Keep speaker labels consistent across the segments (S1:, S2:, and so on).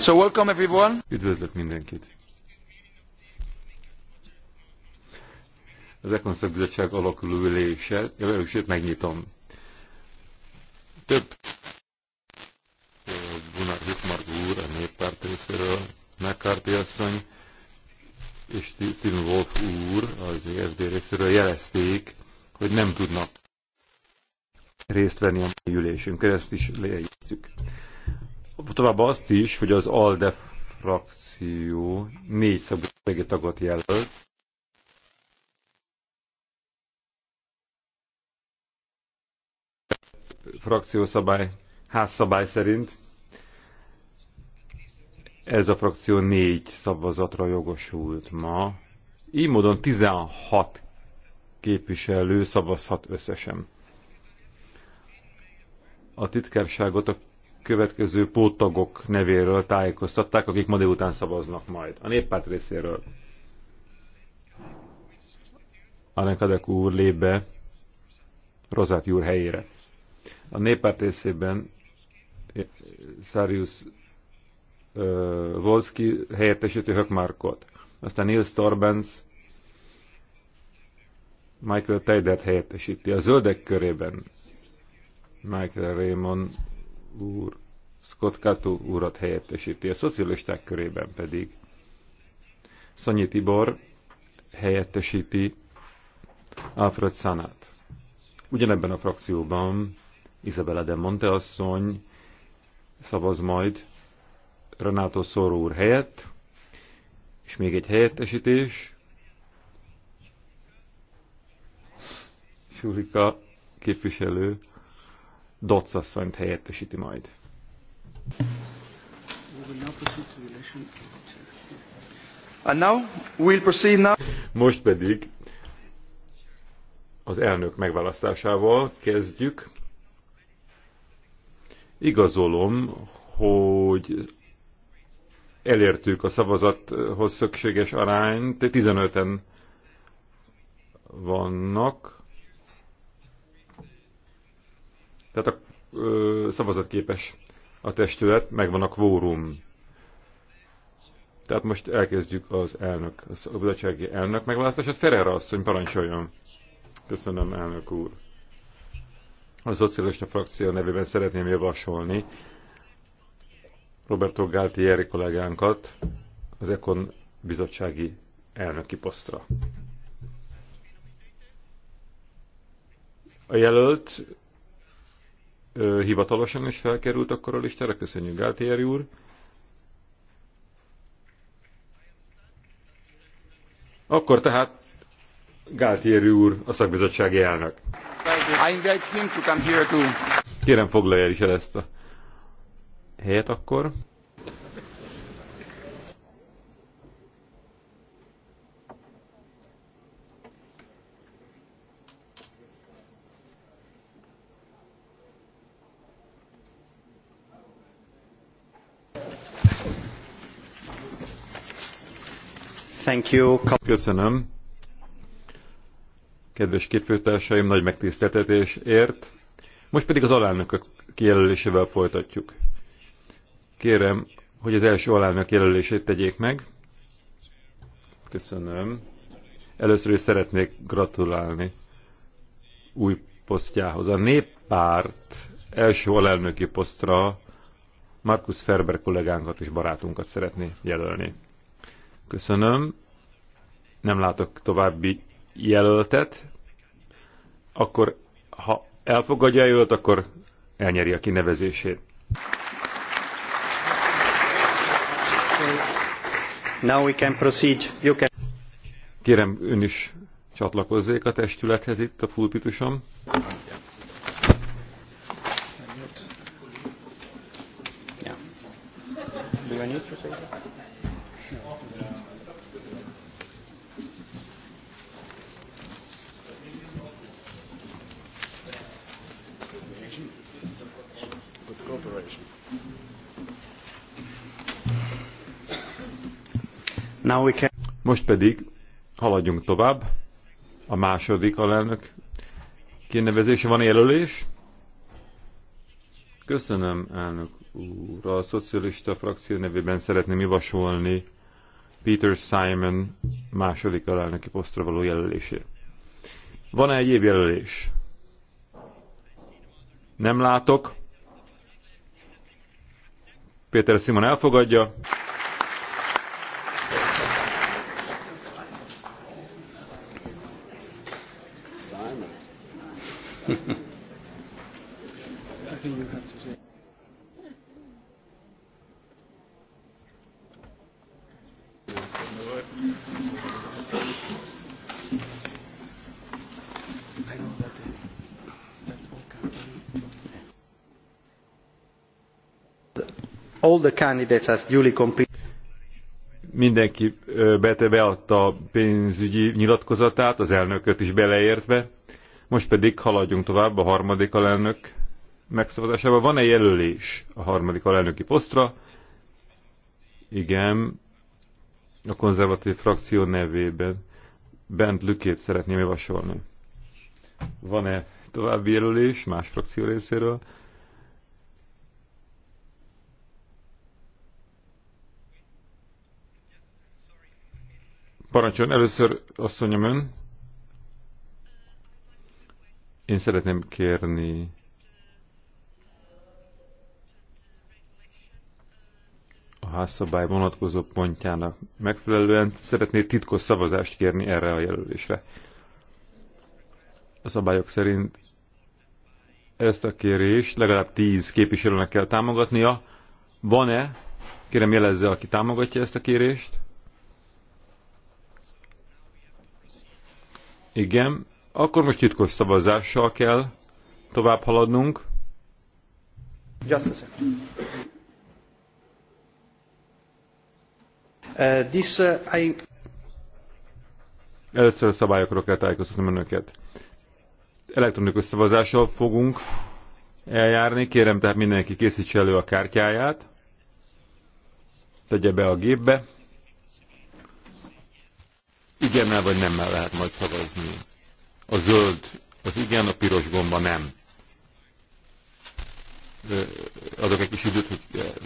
S1: So welcome everyone.
S2: Üdvözlök mindenkit. Az Ekonszak Bizottság alakuló ülését, ülését megnyitom. Több Gunnar Hickmark úr a néppárt részéről, McCarthy asszony és Stephen Wolf úr az ESD részéről jelezték, hogy nem tudnak részt venni a ülésünkön, ezt is lejegyeztük tovább azt is, hogy az ALDE frakció négy szabadsági tagot jelölt, szabály, házszabály szerint ez a frakció négy szavazatra jogosult ma. Így módon 16 képviselő szavazhat összesen. A titkárságot a következő póttagok nevéről tájékoztatták, akik ma délután szavaznak majd. A néppárt részéről. Kadek úr lép be Rozát úr helyére. A néppárt részében eh, Szárius eh, Volski helyettesítő Hökmarkot. Aztán Nils Torbens Michael Teidert helyettesíti. A zöldek körében Michael Raymond úr Scott Cato úrat helyettesíti, a szocialisták körében pedig Szanyi Tibor helyettesíti Alfred Sanát Ugyanebben a frakcióban Isabella de Monte asszony szavaz majd Renato Szoró úr helyett, és még egy helyettesítés. Sulika képviselő Dotz asszonyt helyettesíti majd. And now we'll proceed now. Most pedig az elnök megválasztásával kezdjük. Igazolom, hogy elértük a szavazathoz szükséges arányt, 15-en vannak. Tehát a ö, szavazatképes a testület, megvan a kvórum. Tehát most elkezdjük az elnök, a bizottsági elnök megválasztását. Ferrer asszony, parancsoljon. Köszönöm, elnök úr. A szocialista frakció nevében szeretném javasolni Roberto Galtieri kollégánkat az Ekon bizottsági elnöki posztra. A jelölt ö, hivatalosan is felkerült akkor a listára. Köszönjük, Gáltér úr. Akkor tehát Gáltér úr a szakbizottsági elnök. Kérem foglalja is el ezt a helyet akkor. Köszönöm. Kedves képviselőtársaim, nagy megtiszteltetés ért. Most pedig az alelnökök kijelölésével folytatjuk. Kérem, hogy az első alelnök jelölését tegyék meg. Köszönöm. Először is szeretnék gratulálni új posztjához. A néppárt első alelnöki posztra Markus Ferber kollégánkat és barátunkat szeretné jelölni. Köszönöm. Nem látok további jelöltet. Akkor, ha elfogadja a jelölt, akkor elnyeri a kinevezését. Now we can proceed. You can... Kérem, ön is csatlakozzék a testülethez itt a pulpitusom. Most pedig haladjunk tovább. A második alelnök kinevezése van jelölés. Köszönöm, elnök úr. A szocialista frakció nevében szeretném javasolni Peter Simon második alelnöki posztra való jelölését. Van-e egy jelölés? Nem látok. Péter Simon elfogadja. All the candidates has duly completed. mindenki beadta a pénzügyi nyilatkozatát, az elnököt is beleértve. Most pedig haladjunk tovább a harmadik alelnök megszavazásával. Van-e jelölés a harmadik alelnöki posztra? Igen, a konzervatív frakció nevében Bent Lükét szeretném javasolni. Van-e további jelölés más frakció részéről? Parancsoljon, először mondjam ön. Én szeretném kérni a házszabály vonatkozó pontjának megfelelően szeretné titkos szavazást kérni erre a jelölésre. A szabályok szerint ezt a kérést legalább 10 képviselőnek kell támogatnia. Van-e? Kérem jelezze, aki támogatja ezt a kérést. Igen, akkor most titkos szavazással kell tovább haladnunk. Just a second. Uh, this, uh, I... Először a szabályokra kell tájékoztatnom önöket. Elektronikus szavazással fogunk eljárni. Kérem tehát mindenki készítse elő a kártyáját. Tegye be a gépbe. Igen, vagy nemmel lehet majd szavazni. A zöld, az igen, a piros gomba nem. Adok egy kis időt, hogy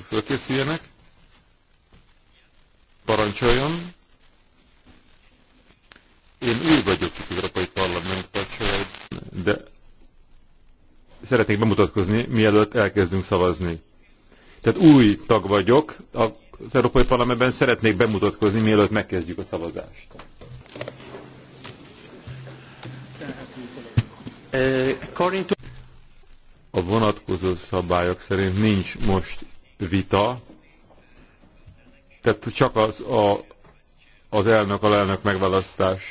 S2: fölkészüljenek. Parancsoljon. Én új vagyok itt az Európai Parlamentben, de szeretnék bemutatkozni, mielőtt elkezdünk szavazni. Tehát új tag vagyok, az Európai Parlamentben szeretnék bemutatkozni, mielőtt megkezdjük a szavazást. A vonatkozó szabályok szerint nincs most vita, tehát csak az, a, az elnök, a lelnök megválasztás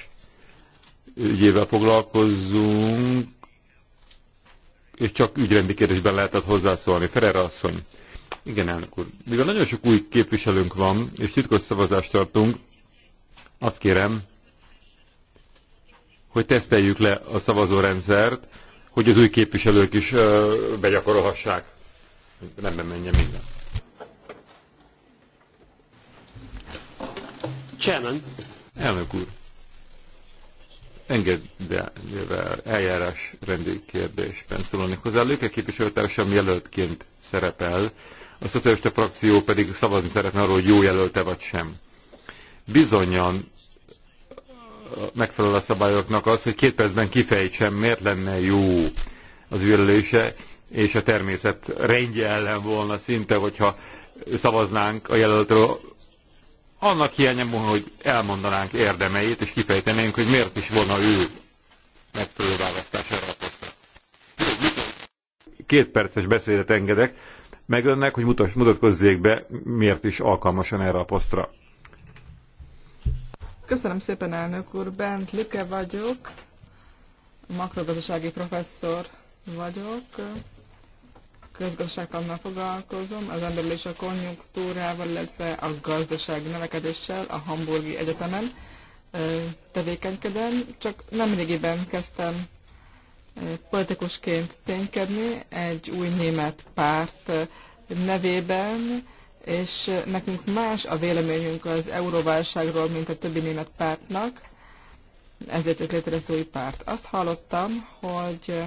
S2: ügyével foglalkozzunk, és csak ügyrendi kérdésben lehetett hozzászólni. Ferrer asszony. Igen, elnök úr. Mivel nagyon sok új képviselőnk van, és titkos szavazást tartunk, azt kérem, hogy teszteljük le a szavazórendszert, hogy az új képviselők is begyakorolhassák. Nem menjen minden. Chairman. Elnök úr. el eljárás rendi kérdésben szólni hozzá. Lőke képviselőtársam jelöltként szerepel, a szocialista frakció pedig szavazni szeretne arról, hogy jó jelölte vagy sem. Bizonyan megfelel a szabályoknak az, hogy két percben kifejtsem, miért lenne jó az ürülése, és a természet rendje ellen volna szinte, hogyha szavaznánk a jelöltről, annak hiányában, hogy elmondanánk érdemeit, és kifejtenénk, hogy miért is volna ő megfelelő választására a posztra. Két perces beszédet engedek meg önnek, hogy mutatkozzék be, miért is alkalmasan erre a posztra.
S3: Köszönöm szépen, elnök úr. Bent Lüke vagyok, makrogazdasági professzor vagyok, közgazdaságtannal foglalkozom, az emberrel és a konjunktúrával, illetve a gazdaság növekedéssel a Hamburgi Egyetemen tevékenykedem, csak nem régiben kezdtem politikusként ténykedni egy új német párt nevében, és nekünk más a véleményünk az euróválságról, mint a többi német pártnak, ezért jött létre az új párt. Azt hallottam, hogy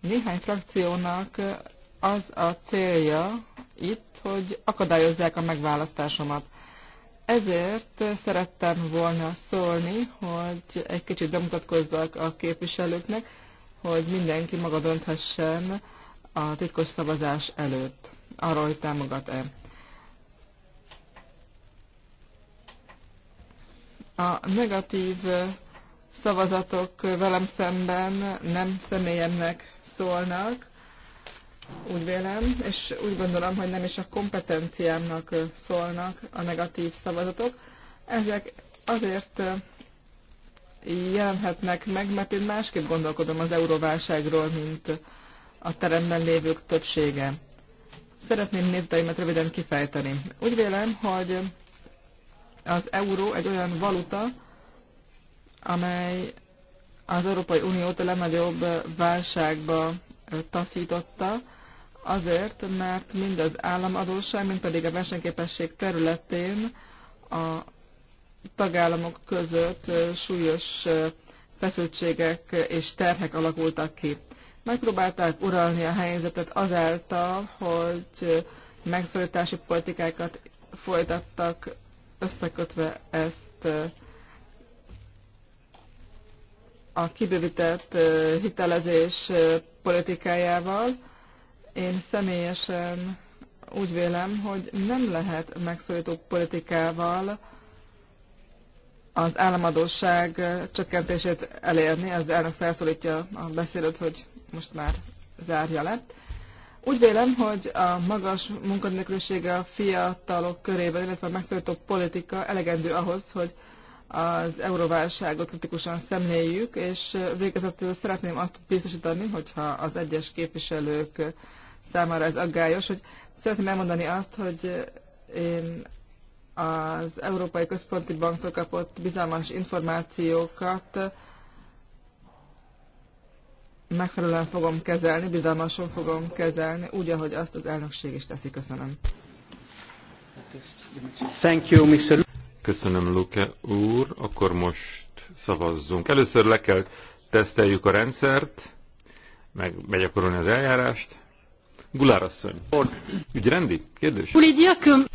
S3: néhány frakciónak az a célja itt, hogy akadályozzák a megválasztásomat. Ezért szerettem volna szólni, hogy egy kicsit bemutatkozzak a képviselőknek, hogy mindenki maga dönthessen a titkos szavazás előtt arról, hogy támogat-e. A negatív szavazatok velem szemben nem személyemnek szólnak, úgy vélem, és úgy gondolom, hogy nem is a kompetenciámnak szólnak a negatív szavazatok. Ezek azért jelenhetnek meg, mert én másképp gondolkodom az euróválságról, mint a teremben lévők többsége. Szeretném nézdeimet röviden kifejteni. Úgy vélem, hogy az euró egy olyan valuta, amely az Európai Uniót a legnagyobb válságba taszította, azért, mert mind az államadóság, mind pedig a versenyképesség területén a tagállamok között súlyos feszültségek és terhek alakultak ki. Megpróbálták uralni a helyzetet azáltal, hogy megszorítási politikákat folytattak összekötve ezt a kibővített hitelezés politikájával. Én személyesen úgy vélem, hogy nem lehet megszorító politikával az államadóság csökkentését elérni. Az elnök felszólítja a beszédet, hogy most már zárja le. Úgy vélem, hogy a magas munkanélkülisége a fiatalok körében, illetve a megszólító politika elegendő ahhoz, hogy az euróválságot kritikusan szemléljük, és végezetül szeretném azt biztosítani, hogyha az egyes képviselők számára ez aggályos, hogy szeretném elmondani azt, hogy én az Európai Központi Banktól kapott bizalmas információkat megfelelően fogom kezelni, bizalmasan fogom kezelni, úgy, ahogy azt az elnökség is teszi. Köszönöm.
S2: Thank you, Mr. Köszönöm, Luke úr. Akkor most szavazzunk. Először le kell teszteljük a rendszert, meg begyakorolni az eljárást. Gulár asszony. Ügyrendi? Kérdés? Igen.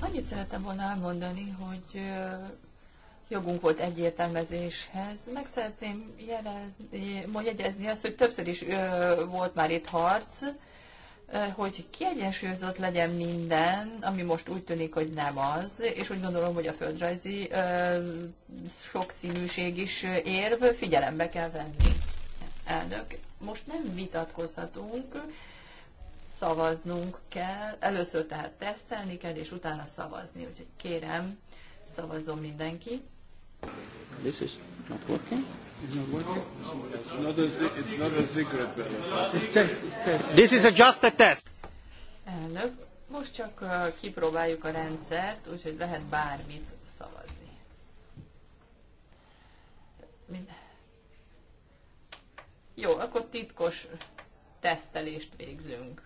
S1: Annyit szeretem volna elmondani, hogy jogunk volt egyértelmezéshez. Meg szeretném jelezni, jegyezni azt, hogy többször is ö, volt már itt harc, ö, hogy kiegyensúlyozott legyen minden, ami most úgy tűnik, hogy nem az, és úgy gondolom, hogy a földrajzi ö, sokszínűség is érv, figyelembe kell venni. Elnök, most nem vitatkozhatunk, szavaznunk kell, először tehát tesztelni kell, és utána szavazni, úgyhogy kérem, szavazzon mindenki. This is not working. It's not working. It's not a, it's not a secret This is a just a test. Elnök, most csak uh, kipróbáljuk a rendszert, úgyhogy lehet bármit szavazni. Jó, akkor titkos tesztelést végzünk.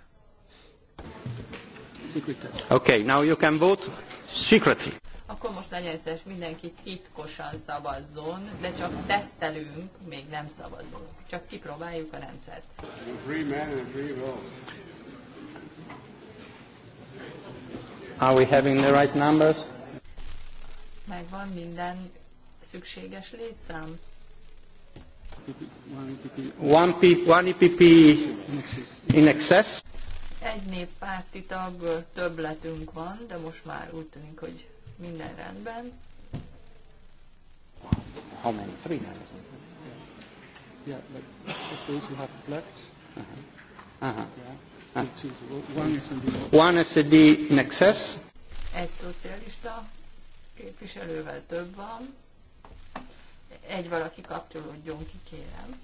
S1: Okay, now you can vote secretly. Akkor most legyen szes, mindenki titkosan szavazzon, de csak tesztelünk, még nem szavazunk. Csak kipróbáljuk a rendszert.
S2: Are we having the right numbers?
S1: Megvan minden szükséges létszám.
S2: One, P, one EPP in excess.
S1: Egy néppárti tag többletünk van, de most már úgy tűnik, hogy minden rendben.
S2: How many? Three hundred. Yeah, but those who have left. Uh -huh. Uh -huh. Yeah. Uh-huh. One SD. One SD in excess.
S1: Egy szocialista képviselővel több van. Egy valaki kapcsolódjon ki, kérem.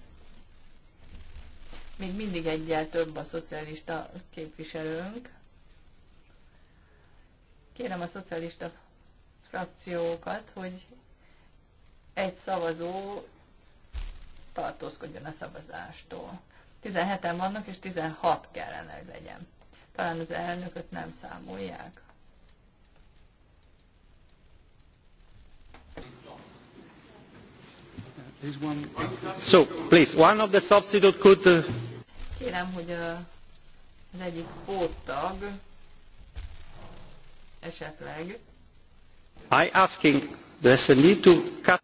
S1: Még mindig egyel több a szocialista képviselőnk. Kérem a szocialista frakciókat, hogy egy szavazó tartózkodjon a szavazástól. 17-en vannak, és 16 kellene, hogy legyen. Talán az elnököt nem számolják. So, please, one of the substitute could... Uh... Kérem, hogy uh, az egyik póttag esetleg I asking the SND to cut...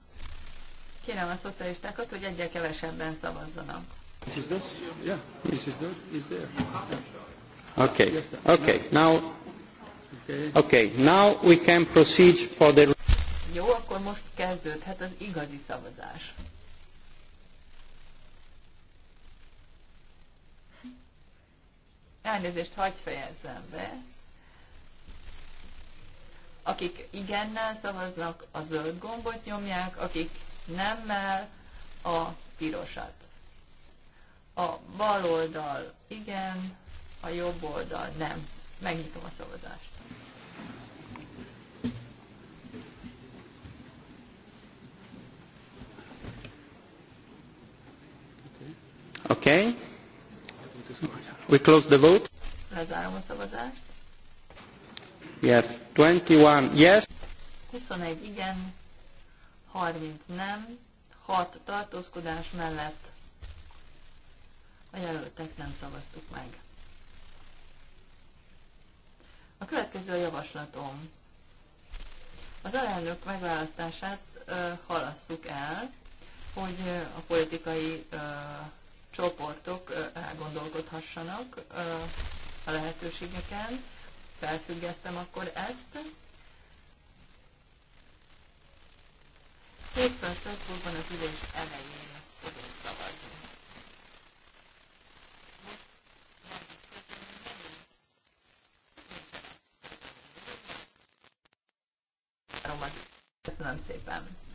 S1: Kérem a szocialistákat, hogy egyre kevesebben szavazzanak. Is this? Yeah, this is there. Is there. Okay. Okay. Now.
S2: Okay. Now we can proceed for the.
S1: Jó, akkor most kezdődhet az igazi szavazás. Elnézést, hagyj fejezzem be. Akik igennel szavaznak, a zöld gombot nyomják, akik nemmel, a pirosat. A bal oldal igen, a jobb oldal nem. Megnyitom a szavazást.
S2: Okay. We close the vote.
S1: Lezárom a szavazást.
S2: We have 21 yes.
S1: 21 igen, 30 nem, 6 tartózkodás mellett a jelöltek nem szavaztuk meg. A következő a javaslatom. Az alelnök megválasztását ö, halasszuk el, hogy a politikai ö, csoportok ö, elgondolkodhassanak ö, a lehetőségeken, felfüggesztem akkor ezt. 7 perc Strasbourgban az ülés elején fogunk szavazni. Köszönöm szépen!